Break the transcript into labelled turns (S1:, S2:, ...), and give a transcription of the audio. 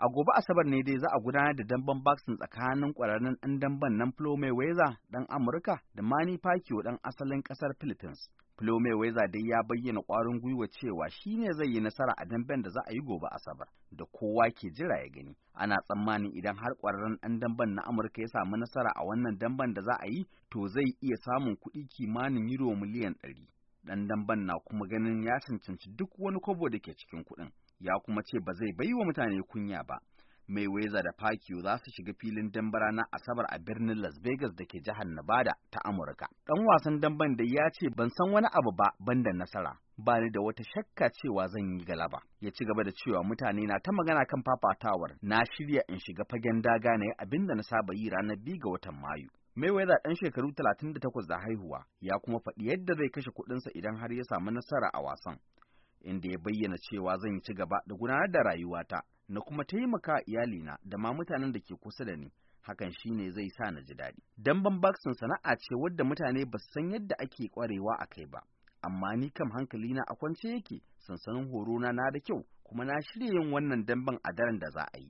S1: A gobe Asabar ne dai za a gudanar da damben boxing tsakanin kwararren ɗan damben nan Flo Mayweather ɗan Amurka da Manny Pacquiao ɗan asalin ƙasar Philippines. Flo Mayweather dai ya bayyana ƙwarin gwiwa cewa shi ne zai yi nasara a damben da za a yi gobe Asabar da kowa ke jira ya gani. Ana tsammanin idan har ƙwararren ɗan damben na Amurka ya samu nasara a wannan damben da za a yi to zai iya samun kuɗi kimanin euro miliyan ɗari. Ɗan damben na kuma ganin ya cancanci duk wani kobo da ke cikin kuɗin. ya kuma ce ba zai bai wa mutane kunya ba. Mai weza da Pacquiao za su shiga filin dambara na Asabar a birnin Las Vegas da ke jihar Nevada ta Amurka. Ɗan wasan damban da ya ce ban san wani abu ba banda nasara. Ba ni da wata shakka cewa zan yi galaba. Ya ci gaba da cewa mutane na ta magana kan fafatawar na shirya in shiga fagen daga na abin da na saba yi ranar biyu ga watan Mayu. Weza ɗan shekaru 38 da haihuwa ya kuma faɗi yadda zai kashe kuɗinsa idan har ya samu nasara a wasan. inda ya bayyana cewa zan ci gaba da gudanar da rayuwata na kuma taimaka iyalina da ma mutanen da ke kusa da ni hakan shine zai sa na ji daɗi damben baksin sana'a ce wadda mutane ba san yadda ake kwarewa a kai ba amma ni kam na a kwance yake sansanin horo na na da kyau kuma na shirya yin wannan damben a daren da za a yi